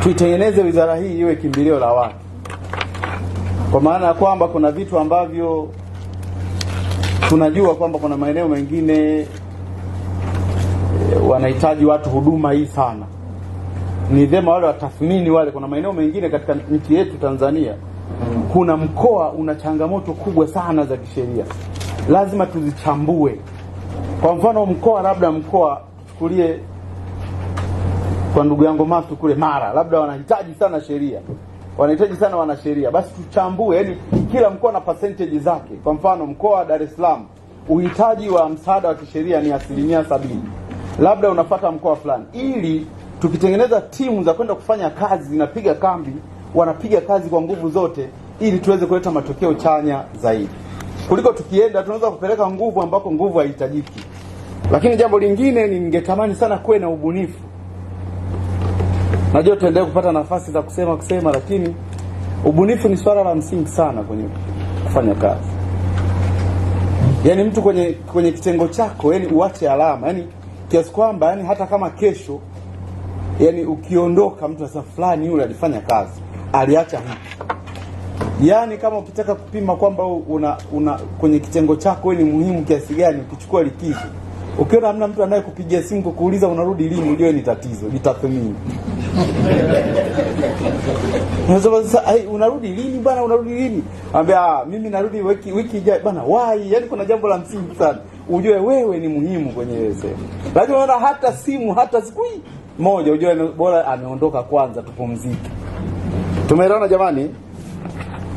tuitengeneze wizara hii iwe kimbilio la watu, kwa maana ya kwamba kuna vitu ambavyo tunajua kwamba kuna maeneo mengine eh, wanahitaji watu huduma hii sana. Ni vyema wale watathmini wale. Kuna maeneo mengine katika nchi yetu Tanzania, kuna mkoa una changamoto kubwa sana za kisheria, lazima tuzichambue. Kwa mfano mkoa labda mkoa tuchukulie kwa ndugu yangu Matu kule Mara, labda wanahitaji sana sheria, wanahitaji sana wanasheria. Basi tuchambue, yani kila mkoa na percentage zake. Kwa mfano mkoa wa Dar es Salaam uhitaji wa msaada wa kisheria ni asilimia sabini, labda unafata mkoa fulani, ili tukitengeneza timu za kwenda kufanya kazi zinapiga kambi, wanapiga kazi kwa nguvu zote, ili tuweze kuleta matokeo chanya zaidi kuliko tukienda tunaweza kupeleka nguvu ambako nguvu haihitajiki. Lakini jambo lingine, ningetamani sana kuwe na ubunifu Najua tuendelee kupata nafasi za kusema kusema, lakini ubunifu ni swala la msingi sana kwenye kufanya kazi. Yaani mtu kwenye kwenye kitengo chako, yani uache alama, yani kiasi kwamba yani hata kama kesho yani ukiondoka, mtu anasema fulani yule alifanya kazi, aliacha hiki. Yaani kama ukitaka kupima kwamba una, una kwenye kitengo chako ni muhimu kiasi gani, ukichukua likizo Ukiona hamna mtu anaye kupigia simu kukuuliza unarudi lini, ujue ni tatizo, litathmini. Unasema sasa, hey, unarudi lini bwana, unarudi lini? Ambia ah, mimi narudi wiki wiki ijayo bwana. Wai, yani kuna jambo la msingi sana. Ujue wewe ni muhimu kwenye ile sehemu. Lakini unaona hata simu hata siku moja, ujue bora ameondoka kwanza, tupumzike. Tumeelewana jamani?